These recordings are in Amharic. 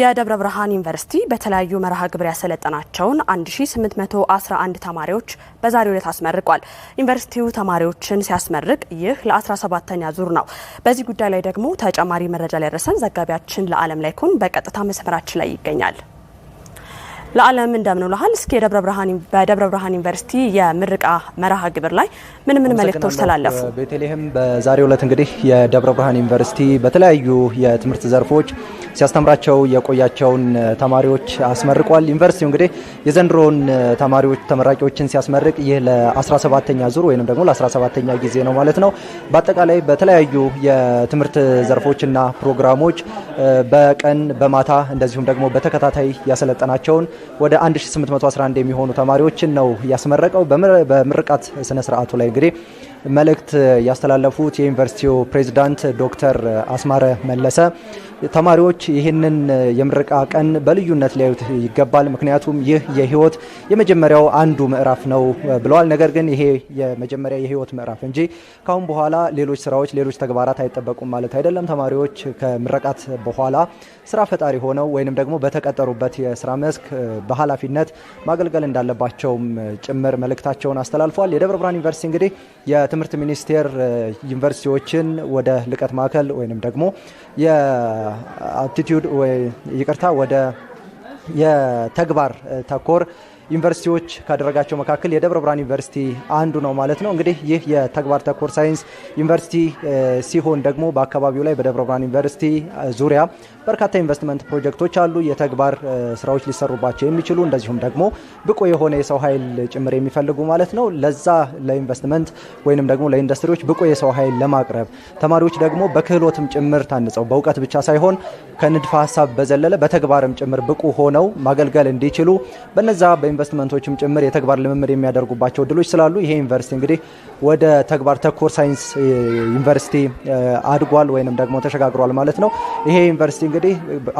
የደብረ ብርሃን ዩኒቨርሲቲ በተለያዩ መርሃ ግብር ያሰለጠናቸውን 1811 ተማሪዎች በዛሬው ዕለት አስመርቋል። ዩኒቨርሲቲው ተማሪዎችን ሲያስመርቅ ይህ ለ17ተኛ ዙር ነው። በዚህ ጉዳይ ላይ ደግሞ ተጨማሪ መረጃ ላይ ደረሰን ዘጋቢያችን ለአለም ላይ ኩን በቀጥታ መስመራችን ላይ ይገኛል። ለአለም እንደምን ውለሃል? እስኪ በደብረ ብርሃን ዩኒቨርሲቲ የምርቃ መርሃ ግብር ላይ ምን ምን መልእክቶች ተላለፉ? ቤተልሔም፣ በዛሬው ዕለት እንግዲህ የደብረ ብርሃን ዩኒቨርሲቲ በተለያዩ የትምህርት ዘርፎች ሲያስተምራቸው የቆያቸውን ተማሪዎች አስመርቋል። ዩኒቨርሲቲው እንግዲህ የዘንድሮውን ተማሪዎች ተመራቂዎችን ሲያስመርቅ ይህ ለ17ተኛ ዙር ወይም ደግሞ ለ17ተኛ ጊዜ ነው ማለት ነው። በአጠቃላይ በተለያዩ የትምህርት ዘርፎችና ፕሮግራሞች በቀን በማታ እንደዚሁም ደግሞ በተከታታይ ያሰለጠናቸውን ወደ 1811 የሚሆኑ ተማሪዎችን ነው ያስመረቀው። በምርቃት ስነ ስርዓቱ ላይ እንግዲህ መልእክት ያስተላለፉት የዩኒቨርሲቲው ፕሬዚዳንት ዶክተር አስማረ መለሰ ተማሪዎች ይህንን የምረቃ ቀን በልዩነት ሊያዩት ይገባል። ምክንያቱም ይህ የህይወት የመጀመሪያው አንዱ ምዕራፍ ነው ብለዋል። ነገር ግን ይሄ የመጀመሪያ የህይወት ምዕራፍ እንጂ ካሁን በኋላ ሌሎች ስራዎች፣ ሌሎች ተግባራት አይጠበቁም ማለት አይደለም። ተማሪዎች ከምረቃት በኋላ ስራ ፈጣሪ ሆነው ወይንም ደግሞ በተቀጠሩበት የስራ መስክ በኃላፊነት ማገልገል እንዳለባቸውም ጭምር መልእክታቸውን አስተላልፏል። የደብረ ብርሃን ዩኒቨርሲቲ እንግዲህ የትምህርት ሚኒስቴር ዩኒቨርሲቲዎችን ወደ ልቀት ማዕከል ወይንም ደግሞ አፕቲቲዩድ ይቅርታ ወደ የተግባር ተኮር ዩኒቨርሲቲዎች ካደረጋቸው መካከል የደብረ ብርሃን ዩኒቨርሲቲ አንዱ ነው ማለት ነው። እንግዲህ ይህ የተግባር ተኮር ሳይንስ ዩኒቨርሲቲ ሲሆን ደግሞ በአካባቢው ላይ በደብረ ብርሃን ዩኒቨርሲቲ ዙሪያ በርካታ ኢንቨስትመንት ፕሮጀክቶች አሉ። የተግባር ስራዎች ሊሰሩባቸው የሚችሉ እንደዚሁም ደግሞ ብቁ የሆነ የሰው ኃይል ጭምር የሚፈልጉ ማለት ነው። ለዛ ለኢንቨስትመንት ወይንም ደግሞ ለኢንዱስትሪዎች ብቁ የሰው ኃይል ለማቅረብ ተማሪዎች ደግሞ በክህሎትም ጭምር ታንጸው በእውቀት ብቻ ሳይሆን ከንድፈ ሀሳብ በዘለለ በተግባርም ጭምር ብቁ ሆነው ማገልገል እንዲችሉ በነዛ ኢንቨስትመንቶችም ጭምር የተግባር ልምምድ የሚያደርጉባቸው እድሎች ስላሉ ይሄ ዩኒቨርሲቲ እንግዲህ ወደ ተግባር ተኮር ሳይንስ ዩኒቨርሲቲ አድጓል ወይንም ደግሞ ተሸጋግሯል ማለት ነው። ይሄ ዩኒቨርሲቲ እንግዲህ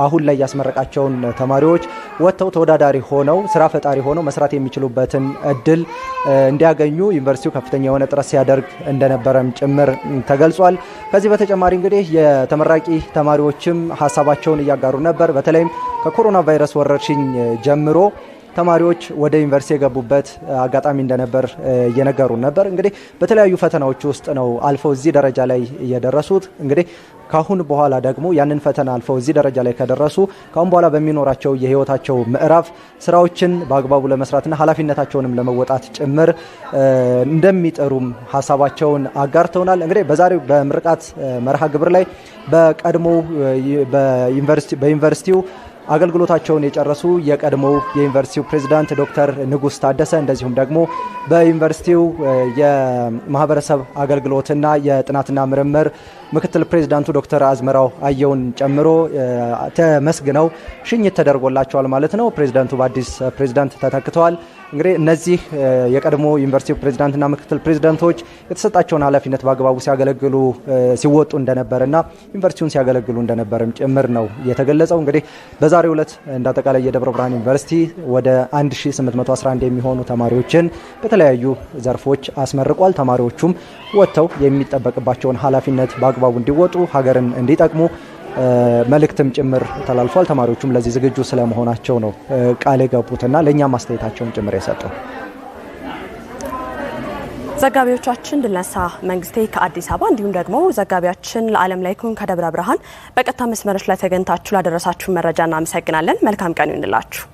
አሁን ላይ ያስመረቃቸውን ተማሪዎች ወጥተው ተወዳዳሪ ሆነው ስራ ፈጣሪ ሆነው መስራት የሚችሉበትን እድል እንዲያገኙ ዩኒቨርሲቲው ከፍተኛ የሆነ ጥረት ሲያደርግ እንደነበረም ጭምር ተገልጿል። ከዚህ በተጨማሪ እንግዲህ የተመራቂ ተማሪዎችም ሀሳባቸውን እያጋሩ ነበር። በተለይም ከኮሮና ቫይረስ ወረርሽኝ ጀምሮ ተማሪዎች ወደ ዩኒቨርሲቲ የገቡበት አጋጣሚ እንደነበር እየነገሩን ነበር። እንግዲህ በተለያዩ ፈተናዎች ውስጥ ነው አልፈው እዚህ ደረጃ ላይ የደረሱት። እንግዲህ ካሁን በኋላ ደግሞ ያንን ፈተና አልፈው እዚህ ደረጃ ላይ ከደረሱ ካሁን በኋላ በሚኖራቸው የህይወታቸው ምዕራፍ ስራዎችን በአግባቡ ለመስራትና ኃላፊነታቸውንም ለመወጣት ጭምር እንደሚጠሩም ሀሳባቸውን አጋርተውናል። እንግዲህ በዛሬው በምርቃት መርሃ ግብር ላይ በቀድሞ በዩኒቨርሲቲው አገልግሎታቸውን የጨረሱ የቀድሞው የዩኒቨርሲቲው ፕሬዚዳንት ዶክተር ንጉስ ታደሰ እንደዚሁም ደግሞ በዩኒቨርሲቲው የማህበረሰብ አገልግሎትና የጥናትና ምርምር ምክትል ፕሬዚዳንቱ ዶክተር አዝመራው አየውን ጨምሮ ተመስግነው ሽኝት ተደርጎላቸዋል ማለት ነው። ፕሬዚዳንቱ በአዲስ ፕሬዚዳንት ተተክተዋል። እንግዲህ እነዚህ የቀድሞ ዩኒቨርሲቲው ፕሬዚዳንትና ምክትል ፕሬዚዳንቶች የተሰጣቸውን ኃላፊነት በአግባቡ ሲያገለግሉ ሲወጡ እንደነበርና ዩኒቨርሲቲውን ሲያገለግሉ እንደነበርም ጭምር ነው የተገለጸው። እንግዲህ በዛሬ ዕለት እንደ አጠቃላይ የደብረ ብርሃን ዩኒቨርሲቲ ወደ 1811 የሚሆኑ ተማሪዎችን በተለያዩ ዘርፎች አስመርቋል። ተማሪዎቹም ወጥተው የሚጠበቅባቸውን ኃላፊነት በአግባቡ እንዲወጡ ሀገርን እንዲጠቅሙ መልእክትም ጭምር ተላልፏል። ተማሪዎቹም ለዚህ ዝግጁ ስለመሆናቸው ነው ቃል የገቡትና ለእኛም ማስተያየታቸውን ጭምር የሰጡ ዘጋቢዎቻችን ድልነሳ መንግስቴ ከአዲስ አበባ እንዲሁም ደግሞ ዘጋቢያችን ለዓለም ላይ ኩን ከደብረ ብርሃን በቀጥታ መስመሮች ላይ ተገኝታችሁ ላደረሳችሁ መረጃ እናመሰግናለን። መልካም ቀን ይሁንላችሁ።